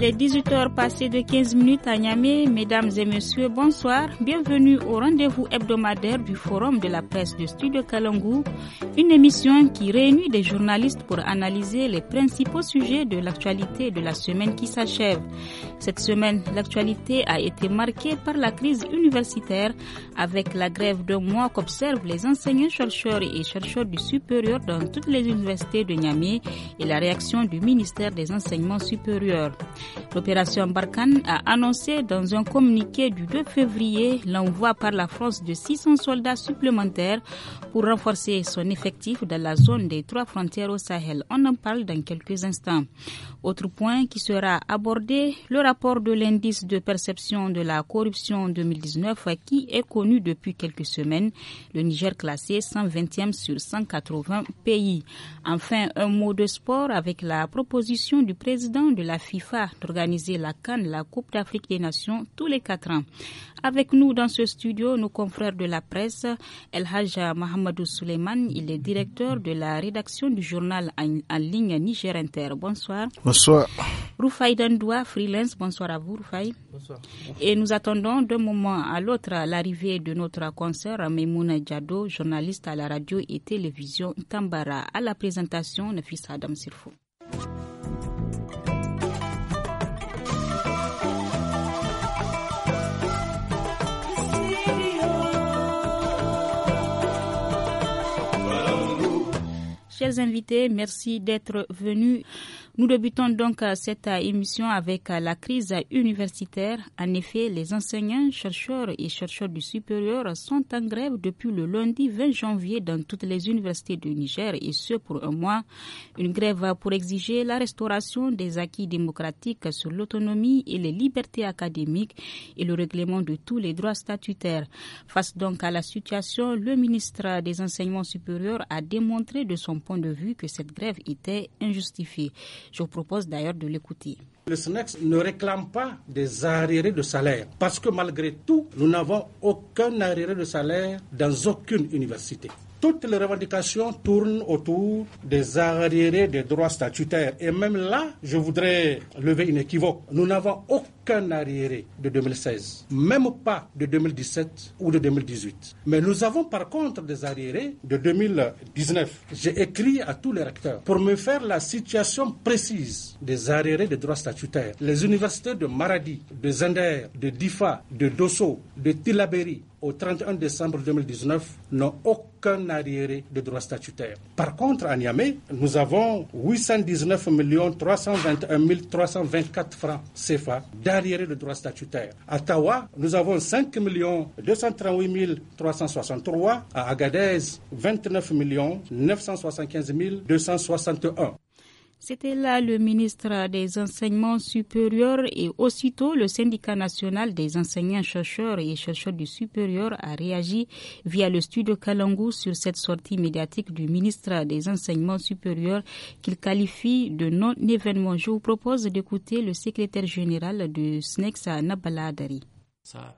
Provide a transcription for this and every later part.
Il est 18h passé de 15 minutes à Niamey. Mesdames et messieurs, bonsoir. Bienvenue au rendez-vous hebdomadaire du Forum de la presse de Studio Kalangou, une émission qui réunit des journalistes pour analyser les principaux sujets de l'actualité de la semaine qui s'achève. Cette semaine, l'actualité a été marquée par la crise universitaire avec la grève de mois qu'observent les enseignants chercheurs et chercheurs du supérieur dans toutes les universités de Niamey et la réaction du ministère des enseignements supérieurs. L'opération Barkhane a annoncé dans un communiqué du 2 février l'envoi par la France de 600 soldats supplémentaires pour renforcer son effectif dans la zone des trois frontières au Sahel. On en parle dans quelques instants. Autre point qui sera abordé, le rapport de l'indice de perception de la corruption 2019 qui est connu depuis quelques semaines. Le Niger classé 120e sur 180 pays. Enfin, un mot de sport avec la proposition du président de la FIFA, Organiser la CAN, la Coupe d'Afrique des Nations, tous les quatre ans. Avec nous dans ce studio, nos confrères de la presse, El Haja Mohamedou Suleiman, il est directeur de la rédaction du journal en, ligne Niger Inter. Bonsoir. Bonsoir. Roufaï Dandoua, freelance, bonsoir à vous Roufaï. Bonsoir. Et nous attendons d'un moment à l'autre l'arrivée de notre concert Memouna Diado, journaliste à la radio et télévision Tambara, à la présentation fils Adam Sirfo. Chers invités, merci d'être venus. Nous débutons donc euh, cette euh, émission avec euh, la crise universitaire. En effet, les enseignants, chercheurs et chercheurs du supérieur sont en grève depuis le lundi 20 janvier dans toutes les universités du Niger et ce pour un mois. Une grève pour exiger la restauration des acquis démocratiques sur l'autonomie et les libertés académiques et le règlement de tous les droits statutaires. Face donc à la situation, le ministre des Enseignements supérieurs a démontré de son point de vue que cette grève était injustifiée. Je vous propose d'ailleurs de l'écouter. Le SNEX ne réclame pas des arriérés de salaire parce que malgré tout, nous n'avons aucun arriéré de salaire dans aucune université toutes les revendications tournent autour des arriérés des droits statutaires. Et même là, je voudrais lever une équivoque. Nous n'avons aucun arriéré de 2016, même pas de 2017 ou de 2018. Mais nous avons par contre des arriérés de 2019. J'ai écrit à tous les recteurs pour me faire la situation précise des arriérés des droits statutaires. Les universités de Maradi, de Zender, de Difa, de Dosso, de Tilaberi, au 31 décembre 2019 n'ont aucun arriéré de droit statutaire. Par contre, à Niamey, nous avons 819 321 324 francs CFA d'arriéré de droit statutaire. À Tawa, nous avons 5 238 363. À Agadez, 29 975 261. C'était là le ministre des Enseignements supérieurs et aussitôt le syndicat national des enseignants chercheurs et chercheurs du supérieur a réagi via le studio Kalangu sur cette sortie médiatique du ministre des Enseignements supérieurs qu'il qualifie de non-événement. Je vous propose d'écouter le secrétaire général du SNEX à Nabaladari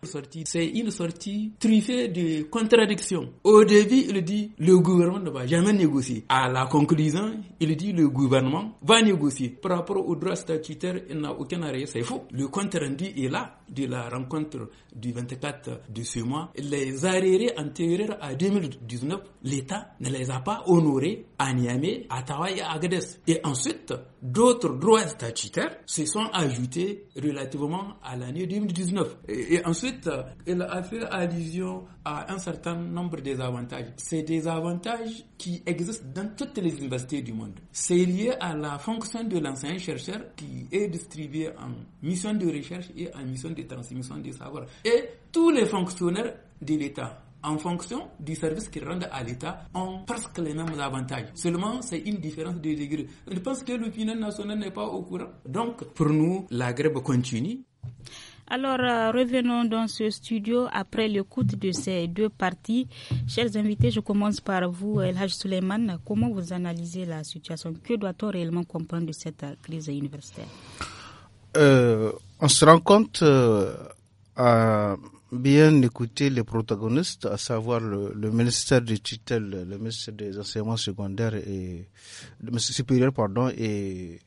sortie. c'est une sortie truffée de contradictions. Au début, il dit le gouvernement ne va jamais négocier. À la conclusion, il dit le gouvernement va négocier. Par rapport aux droits statutaires, il n'a aucun arrêt, c'est faux. Le compte rendu est là de la rencontre du 24 de ce mois. Les arrêts antérieurs à 2019, l'État ne les a pas honorés à Niamey, à Tawa et à Agadez. Et ensuite, d'autres droits statutaires se sont ajoutés relativement à l'année 2019. Et ensuite, elle a fait allusion à un certain nombre des avantages. C'est des avantages qui existent dans toutes les universités du monde. C'est lié à la fonction de l'enseignant-chercheur qui est distribué en mission de recherche et en mission de transmission des savoirs. Et tous les fonctionnaires de l'État, en fonction du service qu'ils rendent à l'État, ont presque les mêmes avantages. Seulement, c'est une différence de degré. Je pense que l'opinion nationale n'est pas au courant. Donc, pour nous, la grève continue. Alors, euh, revenons dans ce studio après l'écoute de ces deux parties. Chers invités, je commence par vous, Elhaj Suleiman. Comment vous analysez la situation Que doit-on réellement comprendre de cette euh, crise universitaire euh, On se rend compte à bien écouter les protagonistes, à savoir le, ministère des tutelles, le ministère des enseignements secondaires et pardon, et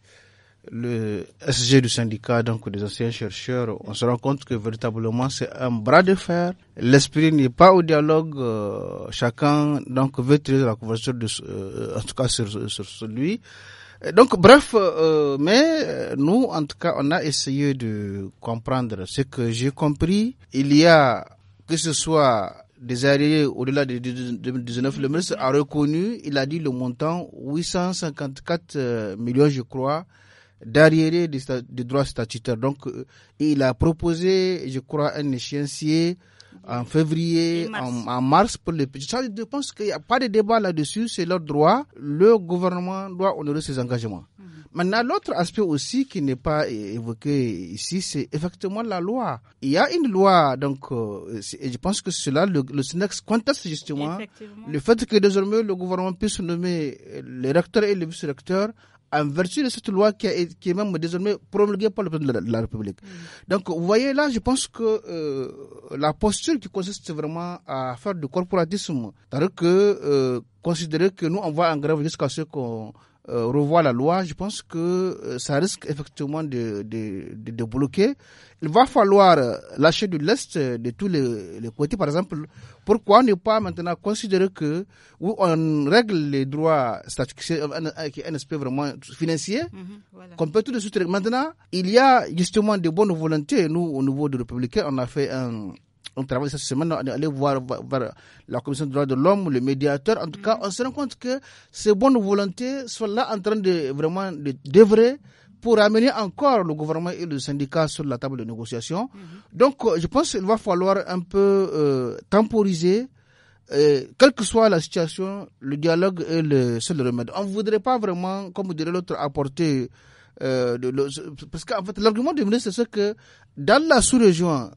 le SG du syndicat donc des anciens chercheurs, on se rend compte que véritablement c'est un bras de fer. L'esprit n'est pas au dialogue. Euh, chacun donc veut tirer la couverture de, euh, en tout cas sur, sur celui. Donc bref, euh, mais nous en tout cas on a essayé de comprendre ce que j'ai compris. Il y a que ce soit des arrêts au-delà de 2019, le ministre a reconnu, il a dit le montant 854 millions je crois. Derrière des, droits statutaires. Donc, euh, il a proposé, je crois, un échéancier en février, En, mars. pour les Je pense qu'il n'y a pas de débat là-dessus, c'est leur droit. Le gouvernement doit honorer ses engagements. Mhm. Maintenant, l'autre aspect aussi qui n'est pas évoqué ici, c'est effectivement la loi. Il y a une loi, donc euh, et je pense que cela, le, le SNEX conteste justement le fait que désormais le gouvernement puisse nommer euh, les recteurs et les vice-recteurs en vertu de cette loi qui, est même désormais promulguée par le président de la, République. Mm. Donc, vous voyez là, je pense que euh, la posture qui consiste vraiment à faire du corporatisme, cest que euh, considérer que nous, on va en grève jusqu'à ce qu'on revoir euh, revoit la loi, je pense que euh, ça risque effectivement de, de, de, bloquer. Il va falloir euh, lâcher du lest de tous les, les, côtés. Par exemple, pourquoi ne pas maintenant considérer que où on règle les droits statutaires, un aspect vraiment financier, mhm, qu'on peut tout de suite. Maintenant, il y a justement de bonnes volontés. Nous, au niveau de républicain, on a fait un on travaille cette semaine, on est allé voir, la commission des droits de l'homme, le médiateur. En tout cas, on se rend compte que ces bonnes volontés sont là en train de vraiment d'œuvrer pour amener encore le gouvernement et le syndicat sur la table de négociation. Mhm. Donc, euh, je pense qu'il va falloir un peu euh, temporiser. Euh, quelle que soit la situation, le dialogue est le seul remède. On ne voudrait pas vraiment, comme dirait l'autre, apporter parce qu'en fait, l'argument du ministre, c'est que dans la sous-région,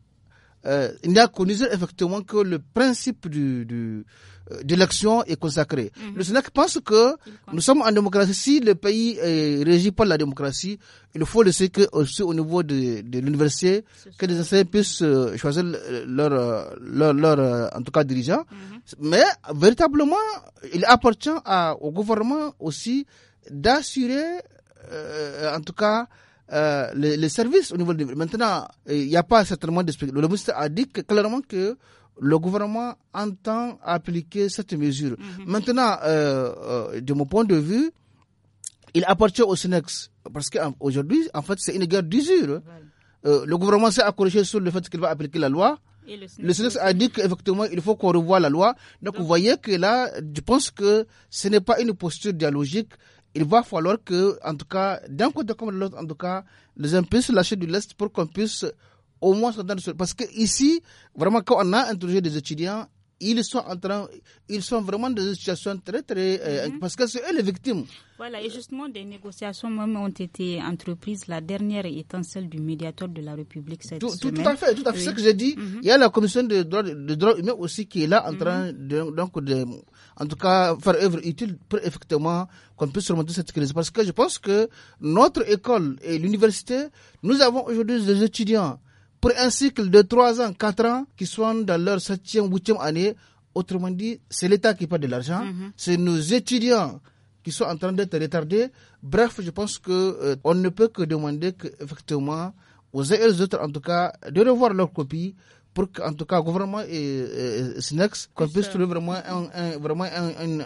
euh, il n'y a qu'au effectivement que le principe du, du euh, de l'action est consacré. Mhm. Le Sénat pense que nous sommes en démocratie. Si le pays est régi par la démocratie, il faut laisser que aussi au niveau de, de l'université, que les enseignants puissent euh, choisir euh, leur, leur, leur, en tout cas, dirigeant. Mhm. Mais véritablement, il appartient à, au gouvernement aussi d'assurer, en tout cas, euh, les, services au niveau du Maintenant, il n'y a pas certainement de Le ministre a dit clairement que le gouvernement entend appliquer cette mesure. Mhm. Maintenant, euh, euh, de mon point de vue, il appartient au Sinex. Parce qu'aujourd'hui, en fait, c'est une guerre d'usure. le gouvernement s'est accroché sur le fait qu'il va appliquer la loi. le Sinex a dit qu'effectivement, il faut qu'on revoie la loi. Donc, vous voyez que là, je pense que ce n'est pas une posture dialogique il va falloir que, en tout cas, d'un côté comme de l'autre, en tout cas, les gens puissent lâcher du lest pour qu'on puisse au moins s'entendre sur. Parce que ici, vraiment, quand on a introduit des étudiants, ils sont en train, ils sont vraiment dans une situation très très, euh, mhm. parce que c'est eux les victimes. Voilà, et justement, des négociations même ont été entreprises, la dernière étant celle du médiateur de la République cette tout, semaine. Tout à fait, tout à fait, ce que j'ai dit. Mhm. Il y a la commission des droits, de humains aussi qui est là en mhm. train de, donc de, en tout cas, faire œuvre utile pour effectivement qu'on puisse remonter cette crise. Parce que je pense que notre école et l'université, nous avons aujourd'hui des étudiants pour un cycle de 3 ans, 4 ans, qui sont dans leur 7e, 8e année. Autrement dit, c'est l'État qui perd de l'argent, mhm. c'est nos étudiants qui sont en train d'être retardés. Bref, je pense que euh, on ne peut que demander effectivement aux uns et aux autres, en tout cas, de revoir leur copie, pour qu'en tout cas, gouvernement et, qu'on puisse trouver vraiment un, vraiment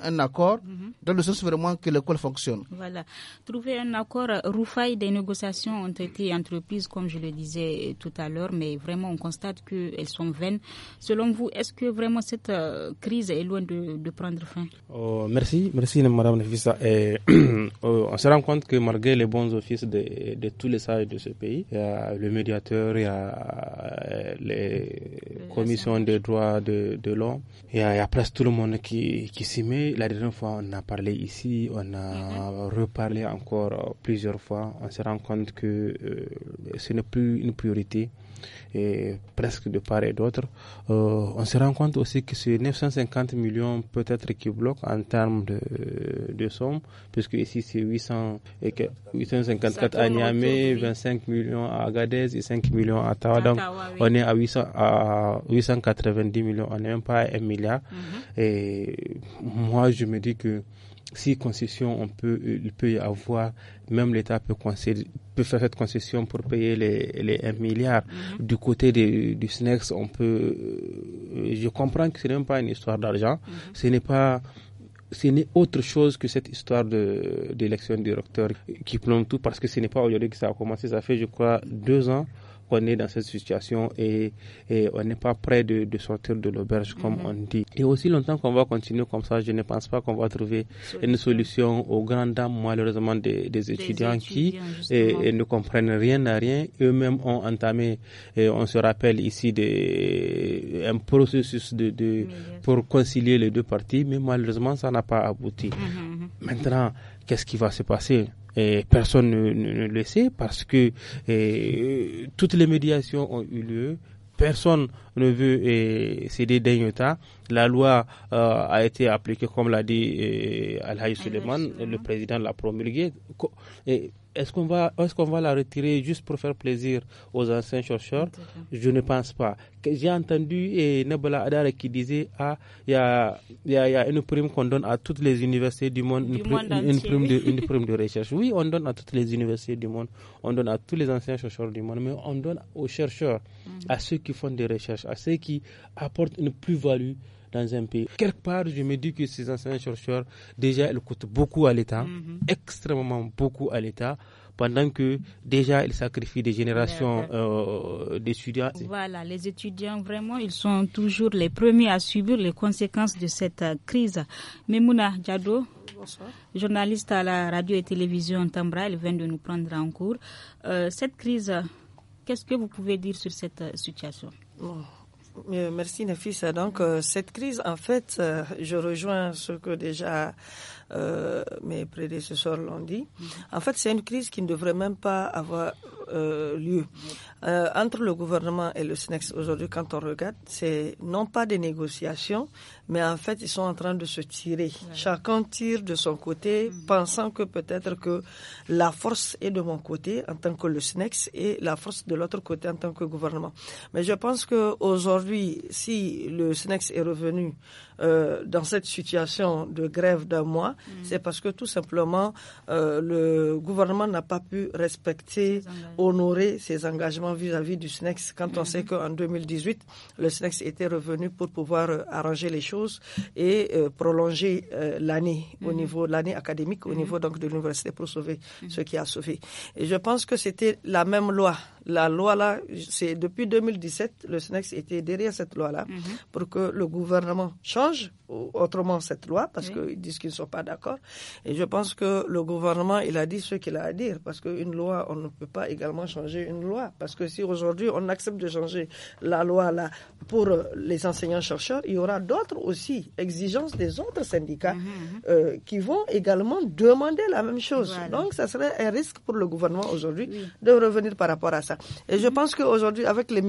un, accord, mhm. dans le sens vraiment que l'école fonctionne. Voilà. Trouver un accord, Roufaille, des négociations ont été entreprises, comme je le disais tout à l'heure, mais vraiment, on constate qu'elles sont vaines. Selon vous, est-ce que vraiment cette euh, crise est loin de, prendre fin oh, Merci, merci, Madame Nefissa. Et, oh, on se rend compte que malgré les bons offices de, de tous les sages de ce pays, il y a le médiateur, il y a euh, les commission des droits de, l'homme. Il, y, a presque tout le monde qui, s'y met. La dernière fois, on a parlé ici, on a mm-hmm. reparlé encore euh, plusieurs fois. On se rend compte que euh, ce n'est plus une priorité et presque de part et d'autre. Euh, on se rend compte aussi que ces 950 millions peut-être qui bloquent en termes de, de somme, puisque ici c'est 854 à Niamey, 25 millions à Agadez et 5 millions à Tawa. Donc on est à, 800, à 890 millions, on n'est même pas à 1 milliard. Mhm. Et moi je me dis que si concession on peut, il peut y avoir, même l'État peut, peut, faire cette concession pour payer les, 1 milliard. Mhm. Du côté du SNEX, on peut, euh, je comprends que ce n'est même pas une histoire d'argent, mhm. ce n'est pas, ce n'est autre chose que cette histoire d'élection de, directeur qui plombe tout parce que ce n'est pas aujourd'hui que ça a commencé, ça fait je crois deux ans qu'on est dans cette situation et, on n'est pas prêt de, sortir de l'auberge, comme mhm. on dit. Et aussi longtemps qu'on va continuer comme ça, je ne pense pas qu'on va trouver une solution aux grandes dames, malheureusement, des, étudiants, qui et, ne comprennent rien à rien. Eux-mêmes ont entamé, et on se rappelle ici, un processus de, pour concilier les deux parties, mais malheureusement, ça n'a pas abouti. Mhm, mhm. Maintenant, qu'est-ce qui va se passer et personne ne, le sait parce que toutes les médiations ont eu lieu. Personne ne veut céder d'un état. La loi euh, a été appliquée, comme l'a dit Al-Hayy Suleiman, le président l'a promulguée est-ce qu'on va, est qu'on va la retirer juste pour faire plaisir aux anciens chercheurs Je ne pense pas. J'ai entendu et Nebula qui disait ah, y a, y a, une prime qu'on donne à toutes les universités du monde, une, prime, de, recherche. Oui, on donne à toutes les universités du monde, on donne à tous les anciens chercheurs du monde, mais on donne aux chercheurs, mhm. à ceux qui font des recherches, à ceux qui apportent une plus-value dans un pays. Quelque part, je me dis que ces anciens chercheurs déjà, ils coûtent beaucoup à l'État, mhm. extrêmement beaucoup à l'État pendant que déjà ils sacrifient des générations d'étudiants. Euh, voilà, les étudiants, vraiment, ils sont toujours les premiers à subir les conséquences de cette euh, crise. Memouna Diado, journaliste à la radio et télévision Tambra, elle vient de nous prendre en cours. Euh, cette crise, qu'est-ce que vous pouvez dire sur cette situation euh, merci Nafisa. Donc euh, cette crise, en fait, euh, je rejoins ce que déjà euh, mes prédécesseurs l'ont dit. En fait, c'est une crise qui ne devrait même pas avoir euh, lieu. Euh, entre le gouvernement et le SNEX aujourd'hui, quand on regarde, c'est non pas des négociations, mais en fait, ils sont en train de se tirer. Chacun tire de son côté, mhm. pensant que peut-être que la force est de mon côté en tant que le SNEX et la force de l'autre côté en tant que gouvernement. Mais je pense que aujourd'hui, si le SNEX est revenu dans cette situation de grève d'un mois, Mm. c'est parce que tout simplement euh, le gouvernement n'a pas pu respecter, honorer ses engagements vis-à-vis du SNEX quand on mm. sait qu'en 2018, le SNEX était revenu pour pouvoir euh, arranger les choses et euh, prolonger l'année au mm. niveau l'année académique au niveau donc de l'université pour sauver ce qui a sauvé. Et je pense que c'était la même loi. La loi là, c'est depuis 2017, le SNEX était derrière cette loi là mm-hmm. pour que le gouvernement change autrement cette loi parce qu'ils disent qu'ils ne sont pas d'accord. Et je pense que le gouvernement, il a dit ce qu'il a à dire parce qu'une loi, on ne peut pas également changer une loi. Parce que si aujourd'hui on accepte de changer la loi là pour les enseignants-chercheurs, il y aura d'autres aussi exigences des autres syndicats mhm, mhm. Euh, qui vont également demander la même chose. Donc ça serait un risque pour le gouvernement aujourd'hui de revenir par rapport à ça. Et je mhm. pense qu'aujourd'hui, avec les,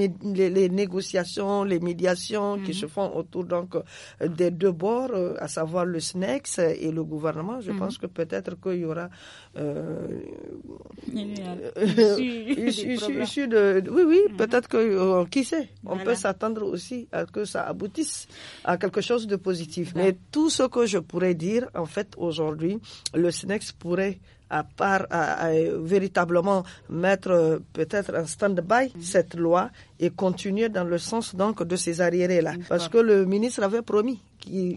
les, négociations, les médiations qui se font autour donc euh, des deux bord, euh, à savoir le SNEX et le gouvernement. Je pense que peut-être qu'il y aura de, oui oui mhm. peut-être que euh, qui sait on peut s'attendre aussi à que ça aboutisse à quelque chose de positif. Mais tout ce que je pourrais dire en fait aujourd'hui, le SNEX pourrait à part à, véritablement mettre euh, peut-être en stand-by mhm. cette loi et continuer dans le sens donc de ces arriérés-là. Mm. Parce que le ministre avait promis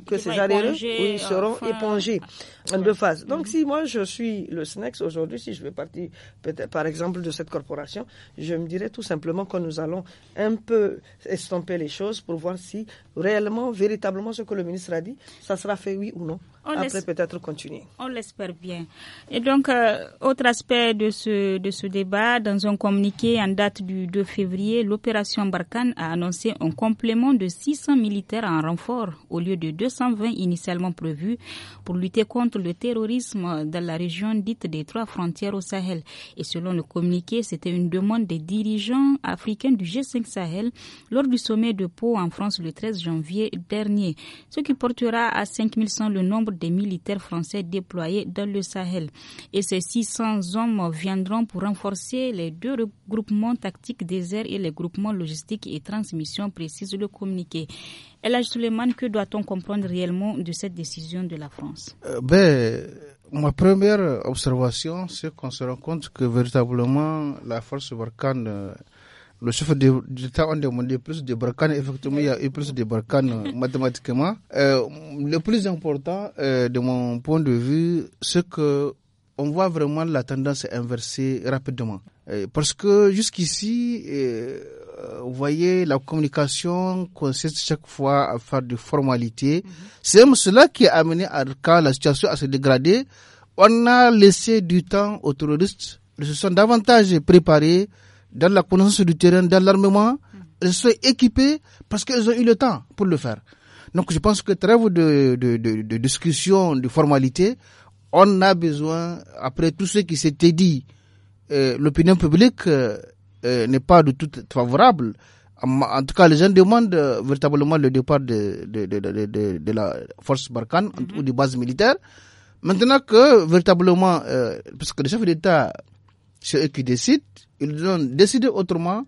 que ces arriérés euh, seront épongés en deux phases. Donc, mm-hmm. si moi je suis le SNEX aujourd'hui, si je vais partir par exemple de cette corporation, je me dirais tout simplement que nous allons un peu estomper les choses pour voir si réellement, véritablement ce que le ministre a dit, ça sera fait oui ou non. Après peut-être continuer. On l'espère bien. Et donc, euh, autre aspect de ce, de ce débat, dans un communiqué en date du 2 février, l'opération l'opération Barkhane a annoncé un complément de 600 militaires en renfort au lieu de 220 initialement prévus pour lutter contre le terrorisme dans la région dite des trois frontières au Sahel. Et selon le communiqué, c'était une demande des dirigeants africains du G5 Sahel lors du sommet de Pau en France le 13 janvier dernier, ce qui portera à 5100 le nombre des militaires français déployés dans le Sahel. Et ces 600 hommes viendront pour renforcer les deux regroupements tactiques des et les groupements logistique et transmission, précise le communiqué. Ella Suleiman, que doit-on comprendre réellement de cette décision de la France euh, ben, Ma première observation, c'est qu'on se rend compte que véritablement la force Barkhane, euh, le chef d'État a demandé plus de Barkhane. Effectivement, il y a eu plus de Barkhane euh, mathématiquement. le plus important, de mon point de vue, c'est que on voit vraiment la tendance inversée rapidement. parce que jusqu'ici, euh, vous voyez, la communication consiste chaque fois à faire des formalités. Mhm. C'est même cela qui a amené à quand la situation à se dégrader. On a laissé du temps aux terroristes. Ils se sont davantage préparés dans la connaissance du terrain, dans l'armement. Mhm. Ils se sont équipés parce qu'ils ont eu le temps pour le faire. Donc je pense que très de, de, de, de discussion, de on a besoin, après tout ce qui s'était dit, euh, l'opinion publique euh, euh, n'est pas du tout favorable. En, tout cas, les gens demandent véritablement le départ de, de, de, la force Barkhane mhm. ou des bases militaires. Maintenant que véritablement, parce que les chefs d'État, c'est eux qui décident, ils ont décidé autrement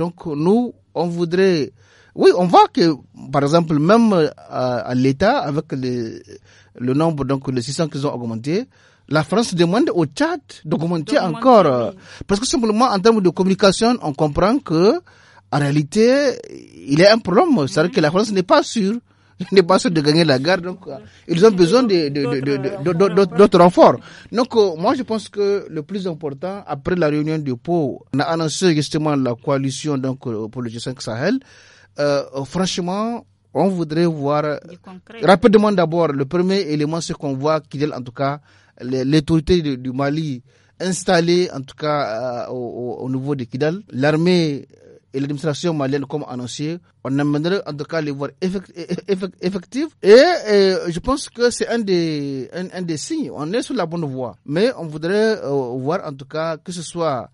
donc nous, on voudrait... Oui, on voit que, par exemple, même euh, à, l'État, avec le nombre, donc les 600 qu'ils ont augmenté, la France demande au Tchad d'augmenter encore. Parce que simplement, en termes de communication, on comprend que, en réalité, il y a un problème. C'est-à-dire que la mhm. France n'est pas sûre ils n'est pas de gagner la guerre, donc euh, ils ont besoin d'autres renforts. Donc euh, moi je pense que le plus important, après la réunion du Pau, on a annoncé justement la coalition donc, euh, pour le G5 Sahel. Euh, franchement, on voudrait voir rapidement d'abord le premier élément, c'est qu'on voit Kidal, en tout cas l'autorité du Mali installée en tout cas au, au, niveau de Kidal, l'armée et l'administration malienne comme annoncé, on amènerait en tout cas les voies effectives. Et, je pense que c'est un des, un, des signes. On est sur la bonne voie. Mais on voudrait euh, voir en tout cas que ce soit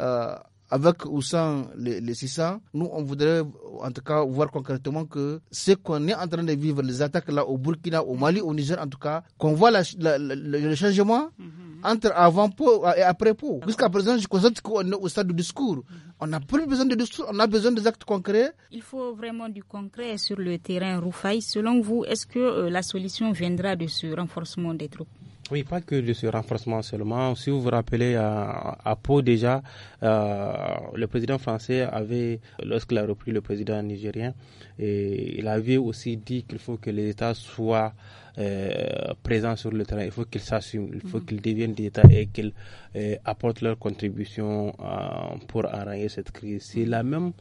euh, avec ou sans les, 600, nous on voudrait en tout cas voir concrètement que ce qu'on est en train de vivre, les attaques là au Burkina, au Mali, au Niger en tout cas, qu'on voit le changement. Mm-hmm entre avant Pau euh, et après Pau. Jusqu'à présent, je constate qu'on est au stade du discours. On n'a plus besoin de discours, on a besoin des actes concrets. Il faut vraiment du concret sur le terrain, Roufaï. Selon vous, est-ce que euh, la solution viendra de ce renforcement des troupes oui, pas que de ce renforcement seulement. Si vous vous rappelez, à, Pau déjà, euh, le président français avait, lorsqu'il a repris le président nigérien, et il avait aussi dit qu'il faut que les États soient euh, présents sur le terrain. Il faut qu'ils s'assument, il faut mm-hmm. qu'ils deviennent des États et qu'ils euh, apportent leur contribution euh, pour arranger cette crise. C'est mm-hmm. la même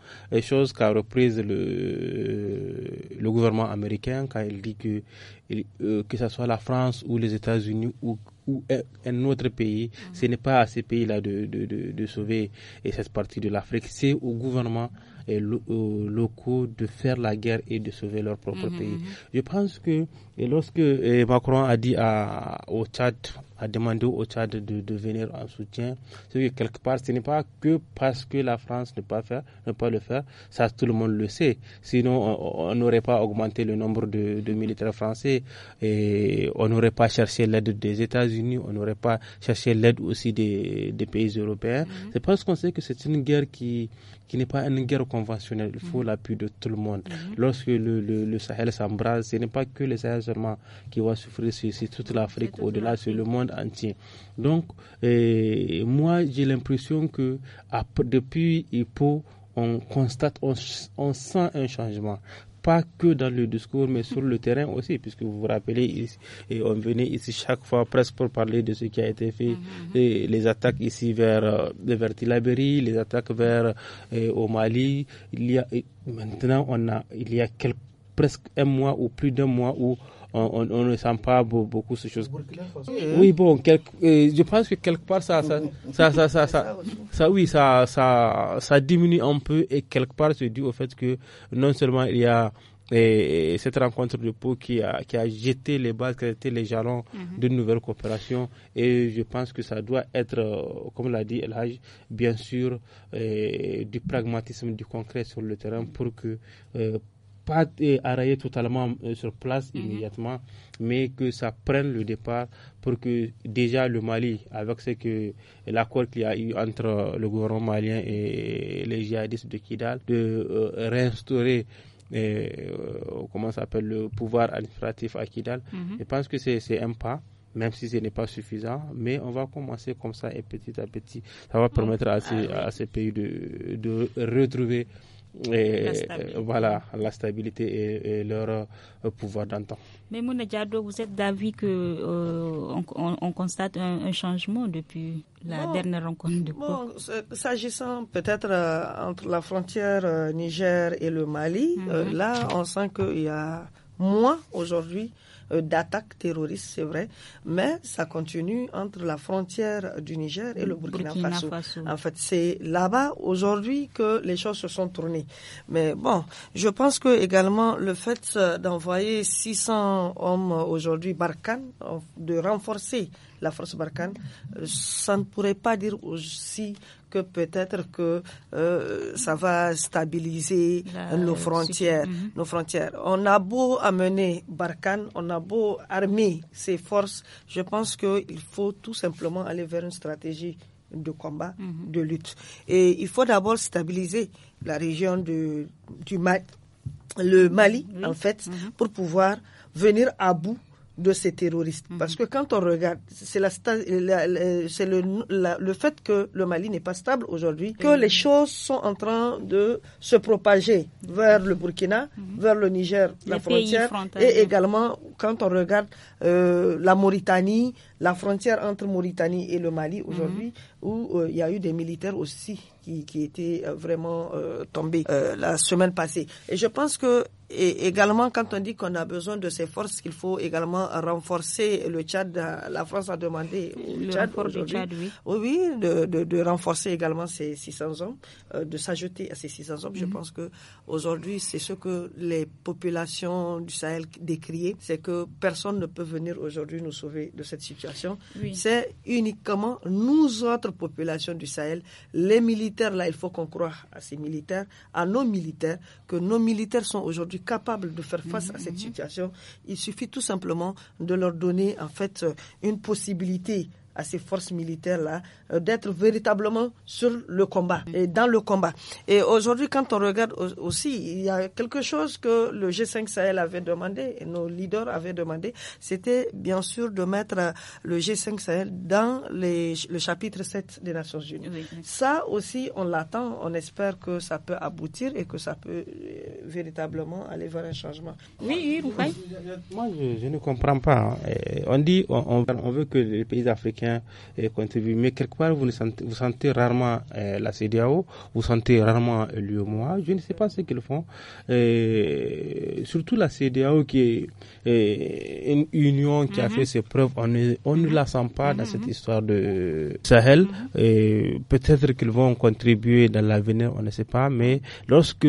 chose qu'a reprise le, le gouvernement américain quand il dit que, que ce soit la France ou les États-Unis ou ou un autre pays. Mm-hmm. Ce n'est pas à ces pays-là de, de, de, de, sauver cette partie de l'Afrique. C'est au gouvernement et locaux euh, de faire la guerre et de sauver leur propre mhm. pays. Je pense que et lorsque Macron a dit à, au Tchad a demandé au Tchad de, venir en soutien. C'est quelque part, ce n'est pas que parce que la France ne pas faire, ne pas le faire. Ça, tout le monde le sait. Sinon, on n'aurait pas augmenté le nombre de, militaires français et on n'aurait pas cherché l'aide des États-Unis. On n'aurait pas cherché l'aide aussi des, pays européens. Mm-hmm. C'est parce qu'on sait que c'est une guerre qui, qui n'est pas une guerre conventionnelle. Il faut mm-hmm. l'appui de tout le monde. Mm-hmm. Lorsque le, Sahel s'embrase, ce n'est pas que le Sahel seulement qui va souffrir, c'est toute l'Afrique, au-delà, sur le monde entier. Donc, euh, moi, j'ai l'impression que depuis IPO, on constate, on, sent un changement pas que dans le discours, mais sur le terrain aussi, puisque vous vous rappelez, et on venait ici chaque fois presque pour parler de ce qui a été fait, mm-hmm. et les attaques ici vers, euh, vers Tilaberi, les attaques vers euh, au Mali. Il y a, maintenant, on a, il y a presque un mois ou plus d'un mois où on, ne sent pas beaucoup ces choses. Oui, bon, euh, je pense que quelque part, ça, ça, ça, ça, ça, oui, ça, ça, ça diminue un peu et quelque part, c'est dû au fait que non seulement il y a euh, cette rencontre de Pau qui a, qui a jeté les bases, qui a jeté les jalons de mhm. nouvelles d'une nouvelle coopération. Et je pense que ça doit être, euh, comme l'a dit Elhaj, bien sûr, du pragmatisme, du concret sur le terrain pour que, pas arrêter totalement euh, sur place mhm. immédiatement, mais que ça prenne le départ pour que déjà le Mali, avec ce que l'accord qu'il y a eu entre euh, le gouvernement malien et les djihadistes de Kidal, de euh, réinstaurer comment ça s'appelle le pouvoir administratif à Kidal. Mhm. Je pense que c'est un pas, même si ce n'est pas suffisant, mais on va commencer comme ça et petit à petit, ça va permettre à, ces, ah à ces pays de, de retrouver et euh, voilà, la stabilité et, leur euh, pouvoir d'antan. Mais Mouna Diado, vous êtes d'avis que euh, on, constate un, changement depuis la dernière rencontre de bon, S'agissant peut-être entre la frontière Niger et le Mali, mhm. là, on sent qu'il y a moins aujourd'hui euh, d'attaques terroristes, c'est vrai, mais ça continue entre la frontière du Niger et le Burkina, Faso. En fait, c'est là-bas aujourd'hui que les choses se sont tournées. Mais bon, je pense que également le fait euh, d'envoyer 600 hommes euh, aujourd'hui Barkhane, de renforcer la force Barkhane, ça ne pourrait pas dire aussi que peut-être que euh, ça va stabiliser nos frontières. Mhm. Nos frontières. On a beau amener Barkhane, on a beau armer ses forces, je pense qu'il faut tout simplement aller vers une stratégie de combat, mhm. de lutte. Et il faut d'abord stabiliser la région de, du Mali, en fait, mhm. pour pouvoir venir à bout de ces terroristes. Mhm. Parce que quand on regarde, c'est la, c'est le, fait que le Mali n'est pas stable aujourd'hui, que les choses sont en train de se propager vers le Burkina, mhm. vers le Niger, la frontière, et également quand on regarde euh, la Mauritanie, la frontière entre Mauritanie et le Mali aujourd'hui, mhm où euh, il y a eu des militaires aussi qui, qui étaient euh, vraiment euh, tombés la semaine passée. Et je pense que également, quand on dit qu'on a besoin de ces forces, qu'il faut également renforcer le Tchad. La France a demandé au le Tchad, oui. oui, de, de, renforcer également ces 600 hommes, de s'ajouter à ces 600 hommes. Je mhm. pense que aujourd'hui, c'est ce que les populations du Sahel décrient, c'est que personne ne peut venir aujourd'hui nous sauver de cette situation. C'est uniquement nous autres population du Sahel. Les militaires, là, il faut qu'on croie à ces militaires, à nos militaires, que nos militaires sont aujourd'hui capables de faire face à cette mhm. situation. Il suffit tout simplement de leur donner, en fait, euh, une possibilité à ces forces militaires-là euh, d'être véritablement sur le combat mm. et dans le combat. Et aujourd'hui, quand on regarde aussi, il y a quelque chose que le G5 Sahel avait demandé et nos leaders avaient demandé, c'était bien sûr de mettre euh, le G5 Sahel dans les, le chapitre 7 des Nations Unies. Ça aussi, on l'attend, on espère que ça peut aboutir et que ça peut euh, véritablement aller vers un changement. Oui, oui, Moi, je, ne comprends pas. Hein. On dit, on veut que les pays africains et euh, Mais quelque part, vous, ne sentez, vous sentez rarement euh, la CDAO, vous sentez rarement moi Je ne sais pas ce qu'ils font. Euh, surtout la CDAO qui est une union qui a mhm. fait ses preuves. On ne, on ne mhm. la sent pas dans cette mhm. histoire de Sahel. Et peut-être qu'ils vont contribuer dans l'avenir, on ne sait pas. Mais lorsque,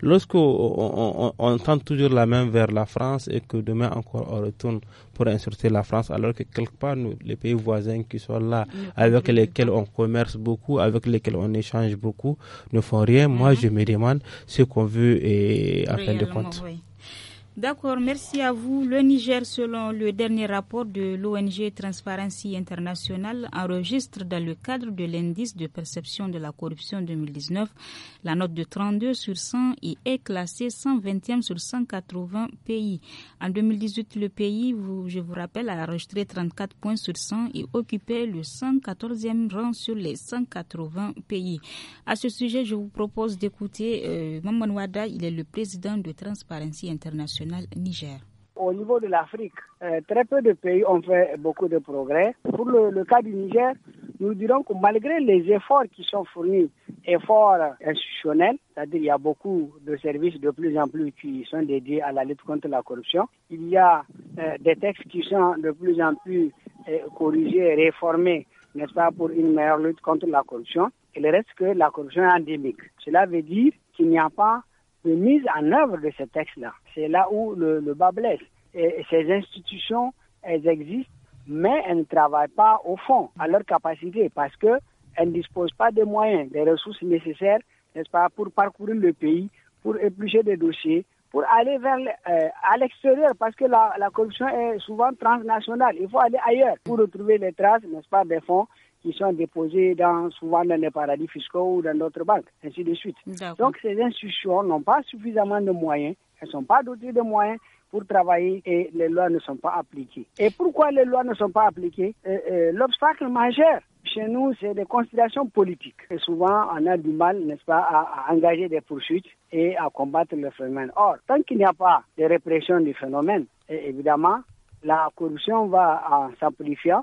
lorsque on, tend toujours la main vers la France et que demain encore on retourne pour insulter la France, alors que quelque part, nous, les pays voisins qui sont là, avec lesquels on commerce beaucoup, avec lesquels on échange beaucoup, ne font rien. Moi, mhm. je me demande ce qu'on veut et, à fin de compte. D'accord, merci à vous. Le Niger, selon le dernier rapport de l'ONG Transparency International, enregistre dans le cadre de l'indice de perception de la corruption 2019, la note de 32 sur 100 et est classé 120e sur 180 pays. En 2018, le pays, je vous rappelle, a enregistré 34 points sur 100 et occupait le 114e rang sur les 180 pays. À ce sujet, je vous propose d'écouter euh, Maman Wada, il est le président de Transparency International. Niger au niveau de l'Afrique, euh, très peu de pays ont fait beaucoup de progrès. Pour le, cas du Niger, nous dirons que malgré les efforts qui sont fournis, efforts institutionnels, c'est-à-dire il y a beaucoup de services de plus en plus qui sont dédiés à la lutte contre la corruption, il y a euh, des textes qui sont de plus en plus euh, corrigés, réformés, n'est-ce pas, pour une meilleure lutte contre la corruption. Il reste que la corruption est endémique. Cela veut dire qu'il n'y a pas mise en œuvre de ces textes là C'est là où le, bas blesse. Et, ces institutions, elles existent, mais elles ne travaillent pas au fond, à leur capacité, parce qu'elles ne disposent pas des moyens, des ressources nécessaires, n'est-ce pas, pour parcourir le pays, pour éplucher des dossiers, pour aller vers euh, à l'extérieur, parce que la corruption est souvent transnationale. Il faut aller ailleurs pour retrouver les traces, n'est-ce pas, des fonds qui sont déposés dans, souvent dans les paradis fiscaux ou dans d'autres banques, ainsi de suite. Donc ces institutions n'ont pas suffisamment de moyens, elles ne sont pas dotées de moyens pour travailler et les lois ne sont pas appliquées. Et pourquoi les lois ne sont pas appliquées euh, euh, L'obstacle majeur chez nous, c'est des considérations politiques. Et souvent, on a du mal, n'est-ce pas, à, engager des poursuites et à combattre le phénomène. Or, tant qu'il n'y a pas de répression du phénomène, évidemment, la corruption va s'amplifier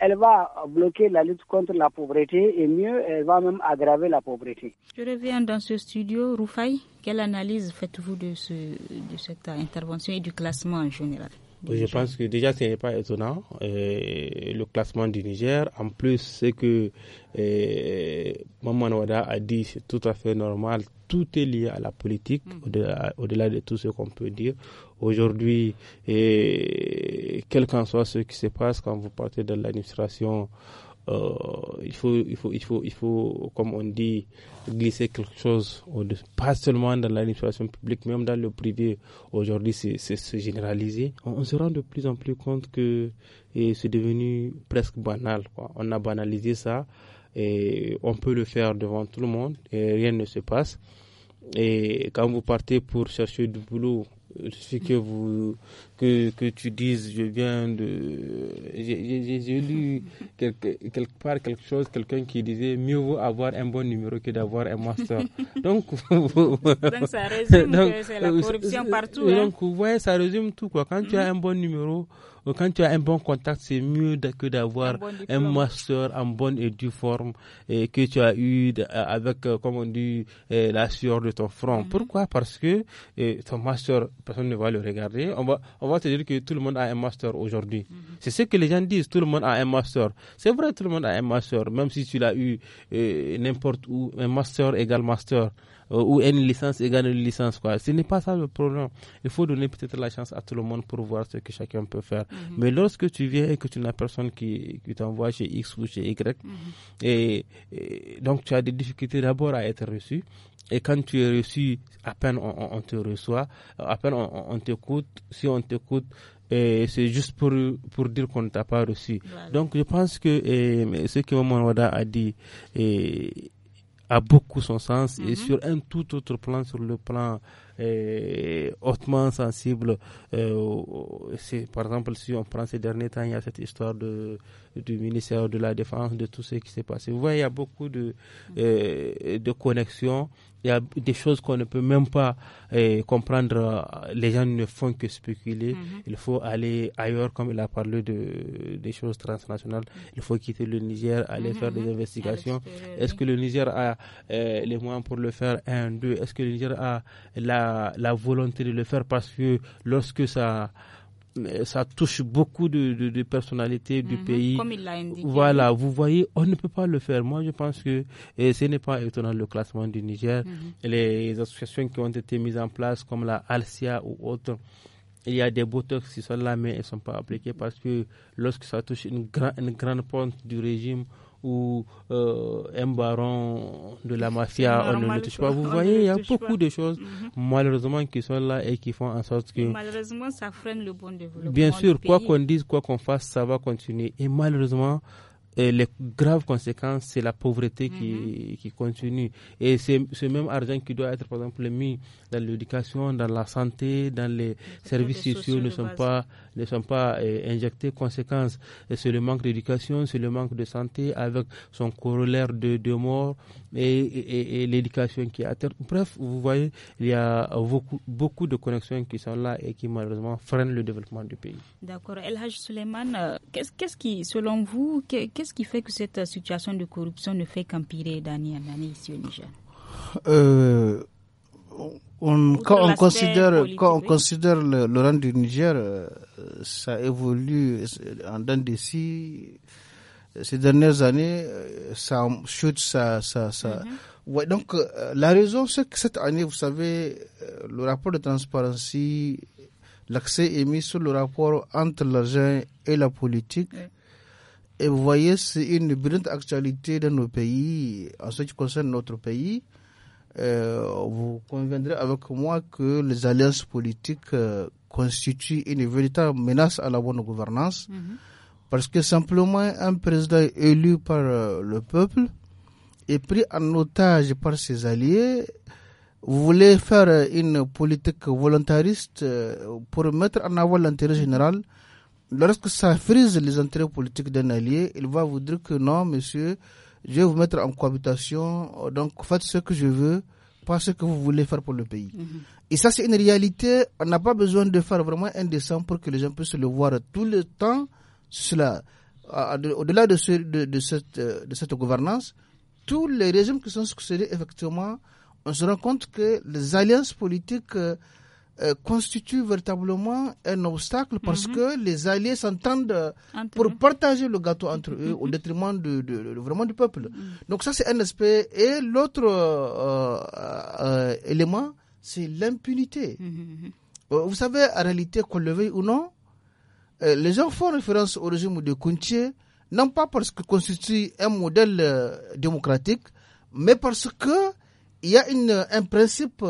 elle va bloquer la lutte contre la pauvreté et mieux, elle va même aggraver la pauvreté. Je reviens dans ce studio. Roufaï, quelle analyse faites-vous de, ce, de cette intervention et du classement en général je pense que déjà ce n'est pas étonnant. Euh, le classement du Niger, en plus, ce que euh, Maman Wada a dit c'est tout à fait normal. Tout est lié à la politique, mm. au-delà, de tout ce qu'on peut dire. Aujourd'hui, quel qu'en soit ce qui se passe quand vous partez de l'administration, euh, il faut, il faut, il faut, il faut, comme on dit, glisser quelque chose, pas seulement dans l'administration publique, même dans le privé. Aujourd'hui, c'est généralisé. On, on, se rend de plus en plus compte que c'est devenu presque banal. On a banalisé ça et on peut le faire devant tout le monde et rien ne se passe. Et quand vous partez pour chercher du boulot, euh, ce que vous que, que tu dises je viens de j'ai lu quelque, quelque part quelque chose quelqu'un qui disait mieux vaut avoir un bon numéro que d'avoir un master donc donc ça résume c'est la corruption partout hein. donc vous voyez ça résume tout quoi quand tu as mm-hmm. un bon numéro quand tu as un bon contact, c'est mieux que d'avoir un, master en bonne et due forme et que tu as eu euh, avec, euh, comme on dit, euh, la sueur de ton front. Mhm. Pourquoi Parce que ton master, personne ne va le regarder. On va, on va te dire que tout le monde a un master aujourd'hui. Mhm. C'est ce que les gens disent, tout le monde a un master. C'est vrai, tout le monde a un master, même si tu l'as eu n'importe où, un master égale master. Euh, ou une licence égale une licence. Quoi. Ce n'est pas ça le problème. Il faut donner peut-être la chance à tout le monde pour voir ce que chacun peut faire. Mhm. Mais lorsque tu viens et que tu n'as personne qui, qui t'envoie chez X ou chez Y, mhm. et, donc tu as des difficultés d'abord à être reçu. Et quand tu es reçu, à peine on, te reçoit, à peine on, t'écoute. Si on t'écoute, c'est juste pour, pour dire qu'on ne t'a pas reçu. Donc je pense que ce que Maman Wada a dit, et a beaucoup son sens et mhm. sur un tout autre plan, sur le plan eh, hautement sensible. Eh, par exemple, si on prend ces derniers temps, il y a cette histoire de, du ministère de la Défense, de tout ce qui s'est passé. Vous voyez, il y a beaucoup de, eh, de connexions il y a des choses qu'on ne peut même pas comprendre. Les gens ne font que spéculer. Mm-hmm. Il faut aller ailleurs, comme il a parlé de, des choses transnationales. Mm-hmm. Il faut quitter le Niger, aller faire des mm-hmm. investigations. Est-ce que le Niger a les moyens pour le faire Un, deux. Est-ce que le Niger a la la, volonté de le faire parce que lorsque ça ça touche beaucoup de, de, personnalités du mhm, pays. Voilà, vous voyez, on ne peut pas le faire. Moi, je pense que et ce n'est pas étonnant le classement du Niger. Mhm. Les associations qui ont été mises en place, comme la Alcia ou autres, il y a des botox qui sont là, mais elles ne sont pas appliquées parce que lorsque ça touche une, grande une grande pente du régime, ou euh, un baron de la mafia, on ne le touche pas. Vous voyez, il y a beaucoup de choses mhm. malheureusement qui sont là et qui font en sorte que... Malheureusement, ça freine le bon développement. Bien sûr, quoi qu'on dise, quoi qu'on fasse, ça va continuer. Et malheureusement, les graves conséquences, c'est la pauvreté qui, mhm. continue. Et c'est ce même argent qui doit être, par exemple, mis dans l'éducation, dans la santé, dans les, services sociaux ne sont, pas, ne sont pas eh, injectés. Conséquence, c'est le manque d'éducation, c'est le manque de santé avec son corollaire de, de mort et, et, l'éducation qui est terre. Bref, vous voyez, il y a beaucoup, beaucoup de connexions qui sont là et qui malheureusement freinent le développement du pays. D'accord. El Haj Suleiman, euh, qu'est-ce qui, selon vous, qu'est-ce ce qui fait que cette situation de corruption ne fait qu'empirer d'année en année ici au Niger euh, on, quand on considère, quand on considère le, rang du Niger, euh, ça évolue euh, en dents de Ces dernières années, ça chute, ça, ça, mhm. donc, la raison, c'est que cette année, vous savez, le rapport de transparence, l'accès est mis sur le rapport entre l'argent et la politique. Et vous voyez, c'est une brillante actualité dans nos pays. En ce qui concerne notre pays, euh, vous conviendrez avec moi que les alliances politiques euh, constituent une véritable menace à la bonne gouvernance. Mhm. Parce que simplement un président élu par euh, le peuple est pris en otage par ses alliés. Vous faire une politique volontariste pour mettre en avant l'intérêt général lorsque ça frise les intérêts politiques d'un allié, il va vous dire que non, monsieur, je vais vous mettre en cohabitation, donc faites ce que je veux, pas ce que vous voulez faire pour le pays. Mhm. Et ça, c'est une réalité. On n'a pas besoin de faire vraiment un dessin pour que les gens puissent le voir tout le temps. Cela, au-delà de, de, de, cette, euh, de cette gouvernance, tous les régimes qui sont succédés, effectivement, on se rend compte que les alliances politiques euh, euh, constitue véritablement un obstacle parce mhm. que les alliés s'entendent pour partager le gâteau entre eux au mhm. détriment de, vraiment du peuple. Mhm. Donc ça c'est un aspect. Et l'autre euh, euh, élément, c'est l'impunité. vous savez, en réalité, qu'on le veuille ou non, les gens font référence au régime de Kuntier, non pas parce que constitue un modèle démocratique, mais parce que il y a un principe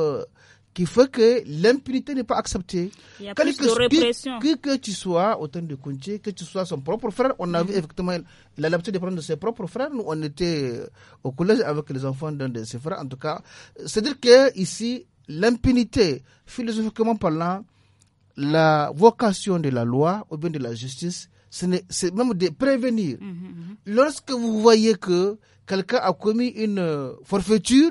qui fait que l'impunité n'est pas acceptée. Il y a plus que, de répression. Que, tu sois autant de Kunti, que tu sois son propre frère, on a vu effectivement, la l'habitude de prendre ses propres frères. Nous, on était au collège avec les enfants d'un de ses frères, en tout cas. C'est-à-dire que ici, l'impunité, philosophiquement parlant, la vocation de la loi au bien de la justice, c'est même de prévenir. Mhm, mhm. Lorsque vous voyez que quelqu'un a commis une forfaiture,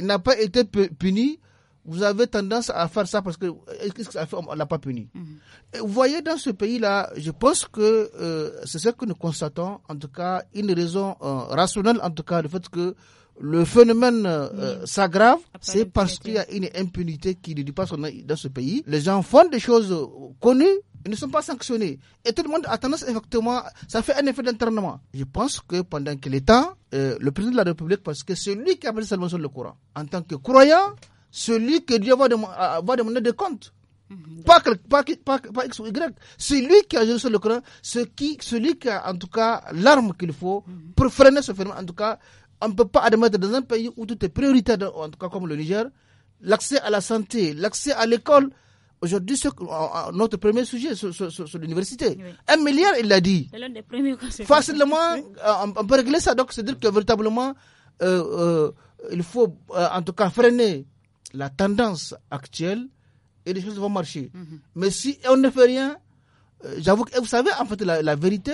il n'a pas été puni, vous avez tendance à faire ça parce que qu'est-ce que ça fait On l'a pas puni. vous mhm. voyez, dans ce pays-là, je pense que euh, c'est ce que nous constatons, en tout cas, une raison euh, rationnelle, en tout cas, le fait que le phénomène euh, s'aggrave, c'est parce qu'il y a une impunité qui ne dit pas son nom dans ce pays. Les gens font des choses connues, ils ne sont pas sanctionnés. Et tout le monde a tendance, effectivement, ça fait un effet d'internement. Je pense que pendant que l'État, le président de la République, parce que c'est lui qui appelle sur le courant, en tant que croyant, celui que doit avoir euh, des comptes. de mhm, compte pas, pas, pas, X ou Y. Celui qui a sur le Coran, ce qui, celui qui a en tout cas l'arme qu'il faut mhm. pour freiner ce phénomène. En tout cas, on ne peut pas admettre dans un pays où tout est prioritaire, en tout cas comme le Niger, l'accès à la santé, l'accès à l'école. Aujourd'hui, notre premier sujet, sur l'université. Un milliard, il l'a dit. Facilement, euh, on peut régler ça. Donc, c'est-à-dire que véritablement, euh, il faut en tout cas freiner la tendance actuelle et les choses vont marcher. Mhm. Mais si on ne fait rien, euh, j'avoue que vous savez, en fait, la, vérité,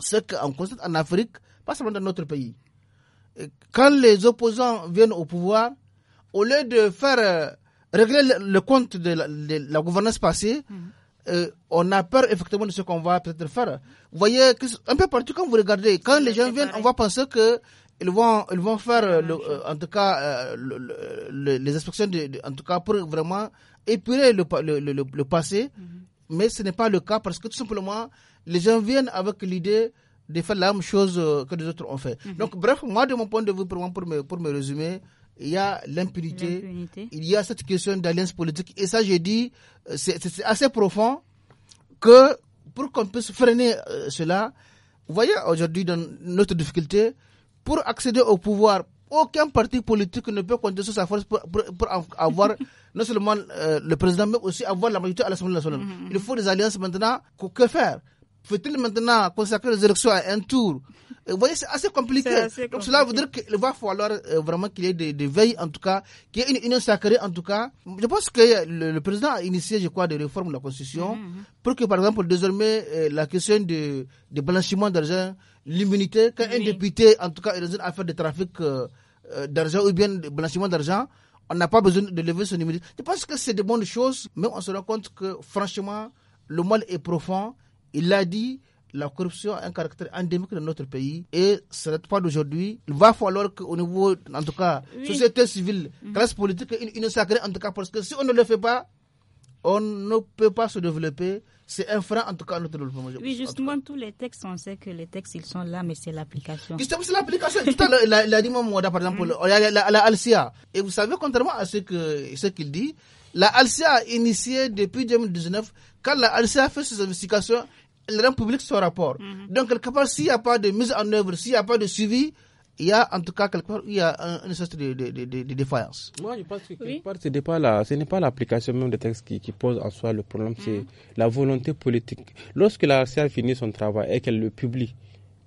c'est qu'on constate en Afrique, pas seulement dans notre pays, quand les opposants viennent au pouvoir, au lieu de faire euh, régler le, compte de la, gouvernance passée, mhm. euh, on a peur effectivement de ce qu'on va peut-être faire. Vous voyez, un peu partout quand vous regardez, quand les gens viennent, on va penser que ils vont, ils vont faire, euh, euh, en tout cas, euh, les inspections, de, en tout cas, pour vraiment épurer le, passé. Mhm. Mais ce n'est pas le cas parce que tout simplement, les gens viennent avec l'idée de faire la même chose que les autres ont fait. Mhm. Donc, bref, moi, de mon point de vue, pour, pour, me, pour me résumer, il y a l'impunité, il y a cette question d'alliance politique. Et ça, j'ai dit, c'est assez profond que pour qu'on puisse freiner cela, vous voyez aujourd'hui dans notre difficulté, pour accéder au pouvoir, aucun parti politique ne peut compter sur sa force pour, avoir non seulement euh, le président, mais aussi avoir la majorité à l'Assemblée nationale. Mhm, mhm. Il faut des alliances maintenant. que faire faut-il maintenant consacrer les élections à un tour euh, Vous voyez, c'est assez compliqué. Donc cela veut dire qu'il va falloir euh, vraiment qu'il y ait des, veilles, en tout cas, qu'il y ait une union sacrée, en tout cas. Je pense que le, président a initié, je crois, des réformes de la Constitution mhm, mhm. pour que, par exemple, désormais, euh, la question de, blanchiment d'argent, l'immunité, quand un député, en tout cas, est dans une affaire de trafic d'argent ou bien de blanchiment d'argent, on n'a pas besoin de lever son immunité. Je pense que c'est de bonnes choses, mais on se rend compte que, franchement, le mal est profond il a dit, la corruption a un caractère endémique dans notre pays et ce n'est pas d'aujourd'hui. Il va falloir qu'au niveau, en tout cas, société civile, mhm. classe politique, une, une sacrée, en tout cas, parce que si on ne le fait pas, on ne peut pas se développer. C'est un frein, en tout cas, à notre développement. Oui, justement, tous les textes, on sait que les textes, ils sont là, mais c'est l'application. Justement, c'est l'application. il, a dit, moi, par mhm. exemple, à la, Alcia. Et vous savez, contrairement à ce que ce qu'il dit, la Alcia a initié depuis 2019, quand la Alcia a fait ses investigations, elle rend public son rapport. Mhm. Donc, quelque part, s'il n'y a pas de mise en œuvre, s'il n'y a pas de suivi, il y a en tout cas quelque part, il y a une sorte de, défaillance. Moi, je pense que ce n'est pas ce n'est pas l'application même des textes qui, pose en soi le problème, c'est mhm. la volonté politique. Lorsque la RCA finit son travail et qu'elle le publie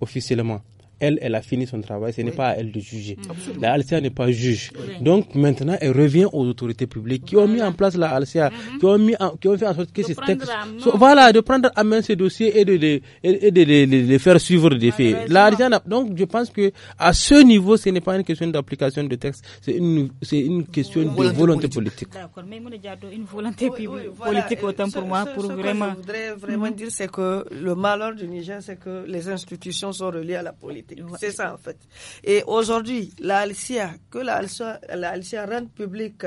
officiellement, elle, elle a fini son travail, ce n'est pas à elle de juger. Mhm. La Alcia n'est pas juge. Donc maintenant, elle revient aux autorités publiques qui ont mis en place la Alcia, mhm. qui, ont mis qui ont fait en sorte que ces textes... voilà, de prendre à main ce dossier et de les de, faire suivre des faits. La donc je pense que à ce niveau, ce n'est pas une question d'application de texte, c'est une, une question de volonté, politique. D'accord, mais une volonté politique autant pour moi, pour vraiment... Ce que je voudrais vraiment mhm. dire, c'est que le malheur du Niger, c'est que les institutions sont reliées à la politique. C'est ça, en fait. Et aujourd'hui, la Alicia que la Alicia rende publique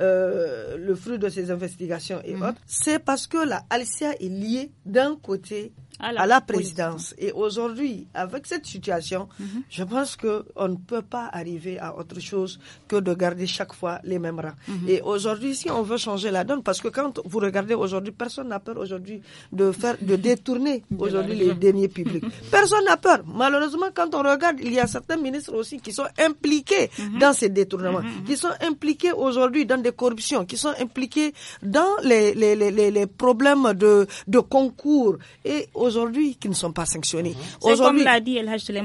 euh, le fruit de ses investigations et mm. autres, c'est parce que la Alicia est liée d'un côté à la, présidence. Et aujourd'hui, avec cette situation, mm-hmm. je pense qu'on ne peut pas arriver à autre chose que de garder chaque fois les mêmes rangs. Mm-hmm. Et aujourd'hui, si on veut changer la donne, parce que quand vous regardez aujourd'hui, personne n'a peur aujourd'hui de faire, de détourner aujourd'hui les deniers publics. Personne n'a peur. Malheureusement, quand on regarde, il y a certains ministres aussi qui sont impliqués mhm. dans ces détournements, mhm, mhm. qui sont impliqués aujourd'hui dans des corruptions, qui sont impliqués dans les, les, les, problèmes de, de concours et aujourd'hui qui ne sont pas sanctionnés. C'est comme l'a dit euh,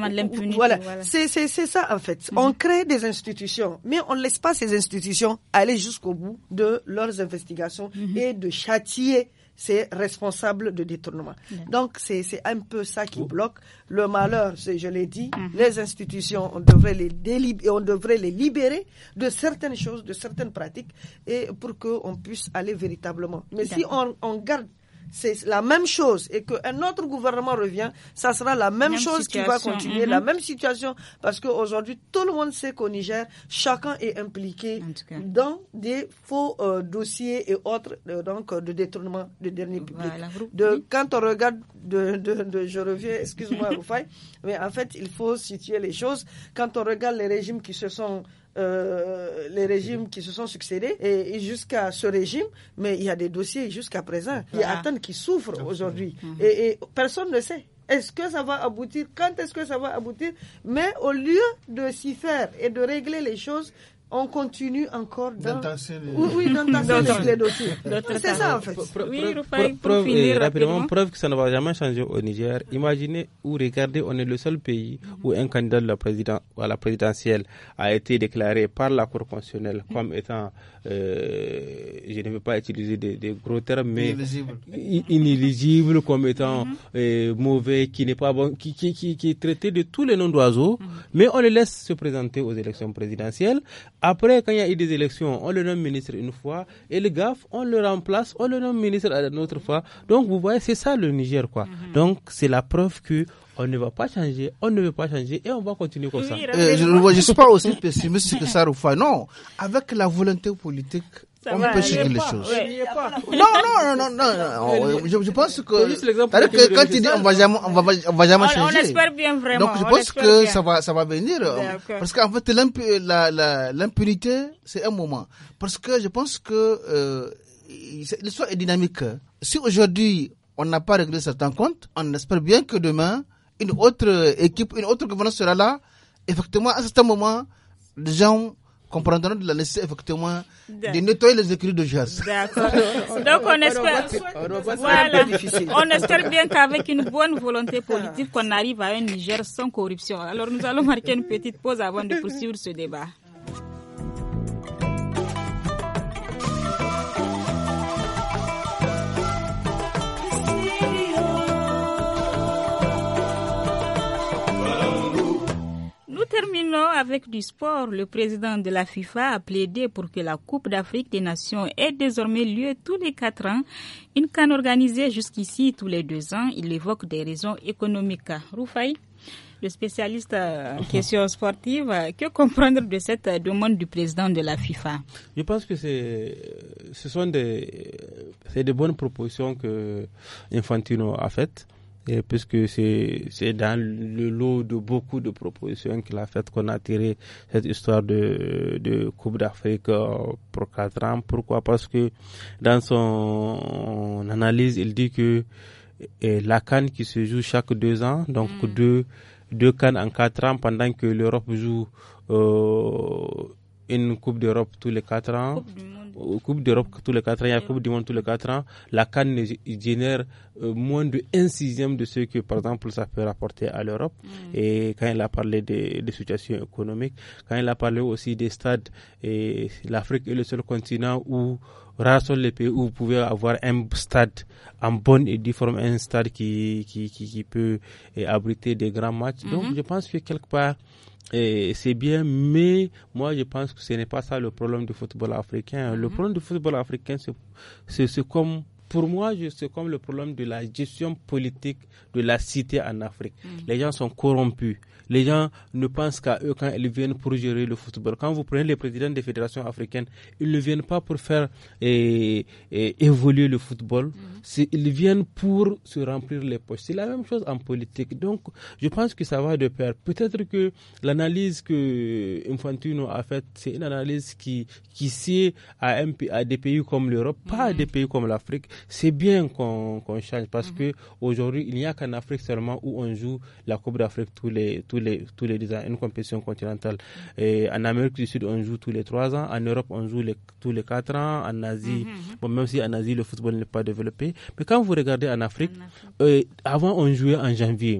l'impunité. Voilà, c'est ça en fait. On crée des institutions, mais on ne laisse pas ces institutions aller jusqu'au bout de leurs investigations et de châtier c'est responsable de détournement. Donc, c'est un peu ça qui bloque. Le malheur, je l'ai dit, mhm. les institutions, on devrait les, on devrait les libérer de certaines choses, de certaines pratiques, et pour qu'on puisse aller véritablement. Mais si on garde c'est la même chose et qu'un autre gouvernement revient, ça sera la même, chose qui va continuer, mm-hmm. la même situation, parce qu'aujourd'hui, tout le monde sait qu'au Niger, chacun est impliqué dans des faux euh, dossiers et autres, euh, donc, euh, de détournement de dernier public. De, quand on regarde, de, je reviens, excuse-moi, mais en fait, il faut situer les choses. Quand on regarde les régimes qui se sont euh, les régimes qui se sont succédés et, jusqu'à ce régime, mais il y a des dossiers jusqu'à présent qui attendent, qui souffrent aujourd'hui. Mhm. Et, et personne ne sait. Est-ce que ça va aboutir Quand est-ce que ça va aboutir Mais au lieu de s'y faire et de régler les choses, on continue encore dans... oui, oui, les dossiers. C'est ça en fait. Preuve, rapidement, preuve que ça ne va jamais changer au Niger. Imaginez ou regardez, on est le seul pays où un candidat de la à la présidentielle a été déclaré par la Cour constitutionnelle comme étant, euh, je ne veux pas utiliser des, gros termes, mais inéligible, comme étant mm-hmm. euh, mauvais, qui n'est pas bon, qui, qui, qui, qui, est traité de tous les noms d'oiseaux, mm-hmm. mais on le laisse se présenter aux élections présidentielles après, quand il y a eu des élections, on le nomme ministre une fois, et le GAF, on le remplace, on le nomme ministre une autre fois. Donc, vous voyez, c'est ça le Niger, quoi. Mhm. Donc, c'est la preuve que on ne va pas changer, on ne veut pas changer et on va continuer comme ça. Euh, je ne suis pas aussi pessimiste que ça, Non, avec la volonté politique, on peut changer les choses. Non, non, non, non, Je, pense que, quand tu dis on va jamais, on va, on va jamais changer. On espère bien vraiment. Donc je pense que ça va, ça va venir. Parce qu'en fait, l'impunité, c'est un moment. Parce que je pense que euh, l'histoire est dynamique. Si aujourd'hui on n'a pas réglé certains comptes, on espère bien que demain une autre équipe, une autre gouvernance sera là. Effectivement, à ce moment, les gens comprendront de la laisser effectivement de nettoyer les écrits de jazz. D'accord. Donc on espère, voilà, on espère bien qu'avec une bonne volonté politique, qu'on arrive à un Niger sans corruption. Alors nous allons marquer une petite pause avant de poursuivre ce débat. terminons avec du sport. Le président de la FIFA a plaidé pour que la Coupe d'Afrique des Nations ait désormais lieu tous les quatre ans. Une canne organisée jusqu'ici tous les deux ans. Il évoque des raisons économiques. Roufaï, le spécialiste en euh, questions sportives, que comprendre de cette demande du président de la FIFA Je pense que ce sont des, des bonnes propositions que Infantino a faites et puisque c'est dans le lot de beaucoup de propositions qu'il a faites qu'on a tiré cette histoire de, de Coupe d'Afrique pour quatre ans. Pourquoi Parce que dans son analyse, il dit que la canne qui se joue chaque deux ans, donc mm. deux, deux cannes en quatre ans, pendant que l'Europe joue euh, une Coupe d'Europe tous les 4 ans. Euh, Coupe d'Europe tous les 4 ans, il Coupe du Monde tous les quatre ans. La Cannes génère euh, moins de 1 sixième de ce que, par exemple, ça peut rapporter à l'Europe. Mm. Et quand il a parlé des, situations économiques, quand il a parlé aussi des stades, et l'Afrique est le seul continent où rares les pays où vous pouvez avoir un stade en bonne et différente, un stade qui, qui, qui, peut abriter des grands matchs. Donc, mm-hmm. je pense que quelque part, et c'est bien, mais moi je pense que ce n'est pas ça le problème du football africain. Le mhm. problème du football africain, c'est comme pour moi, c'est comme le problème de la gestion politique de la cité en Afrique. Mhm. Les gens sont corrompus. Les gens ne pensent qu'à eux quand ils viennent pour gérer le football. Quand vous prenez les présidents des fédérations africaines, ils ne viennent pas pour faire et, eh, eh, évoluer le football. Mhm. Ils viennent pour se remplir les poches. C'est la même chose en politique. Donc, je pense que ça va de pair. Peut-être que l'analyse que Infantino a faite, c'est une analyse qui, qui sied à, à des pays comme l'Europe, pas à mhm. des pays comme l'Afrique. C'est bien qu'on change parce mhm. que aujourd'hui il n'y a qu'en Afrique seulement où on joue la Coupe d'Afrique tous les, tous tous les, tous les deux ans, une compétition continentale. Et en Amérique du Sud, on joue tous les trois ans. En Europe, on joue tous les quatre ans. En Asie, mhm, mhm. même si en Asie, le football n'est pas développé. Mais quand vous regardez en Afrique, euh, avant, on jouait en janvier.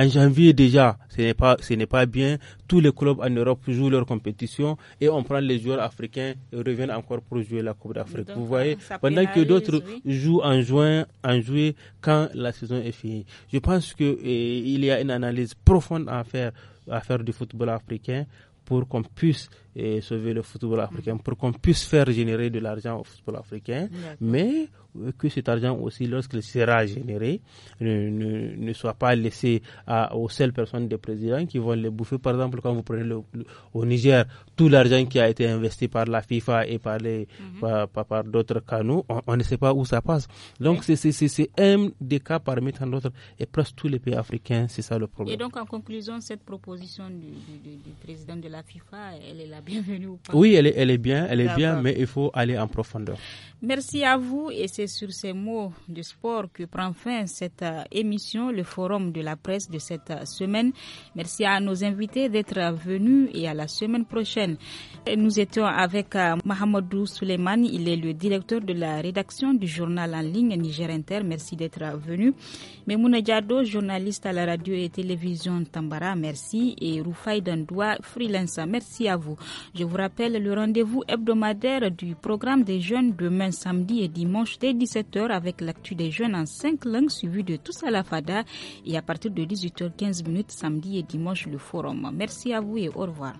En janvier déjà, ce n'est pas, ce n'est pas bien. Tous les clubs en Europe jouent leur compétition et on prend les joueurs africains et reviennent encore pour jouer la Coupe d'Afrique. Vous voyez, pendant que d'autres jouent en juin, en juillet, quand la saison est finie. Je pense que eh, il y a une analyse profonde à faire, à faire du football africain pour qu'on puisse et sauver le football africain mhm. pour qu'on puisse faire générer de l'argent au football africain, mais euh, que cet argent aussi, lorsqu'il sera généré, ne, ne, soit pas laissé à, aux seules personnes des présidents qui vont les bouffer. Par exemple, quand vous prenez le, au Niger, tout l'argent qui a été investi par la FIFA et par, les, mhm. par, par, d'autres canaux, on, ne sait pas où ça passe. Donc, c'est un des cas parmi tant d'autres. Et presque tous les pays africains, c'est ça le problème. Et donc, en conclusion, cette proposition du, du, du président de la FIFA, elle est la bienvenue Oui, elle est, elle est bien, elle est bien, mais il faut aller en profondeur. Merci à vous et c'est sur ces mots de sport que prend fin cette euh, émission, le forum de la presse de cette euh, semaine. Merci à nos invités d'être venus et à la semaine prochaine. Nous étions avec euh, Mahamadou Souleymane il est le directeur de la rédaction du journal en ligne Niger Inter. Merci d'être venu. Memouna Diado, journaliste à la radio et télévision Tambara, merci. Et Rufai Dandoua, freelance, merci à vous. Je vous rappelle le rendez-vous hebdomadaire du programme des jeunes demain samedi et dimanche dès 17h avec l'actu des jeunes en cinq langues suivi de tout à FADA et à partir de 18h15 samedi et dimanche le forum. Merci à vous et au revoir.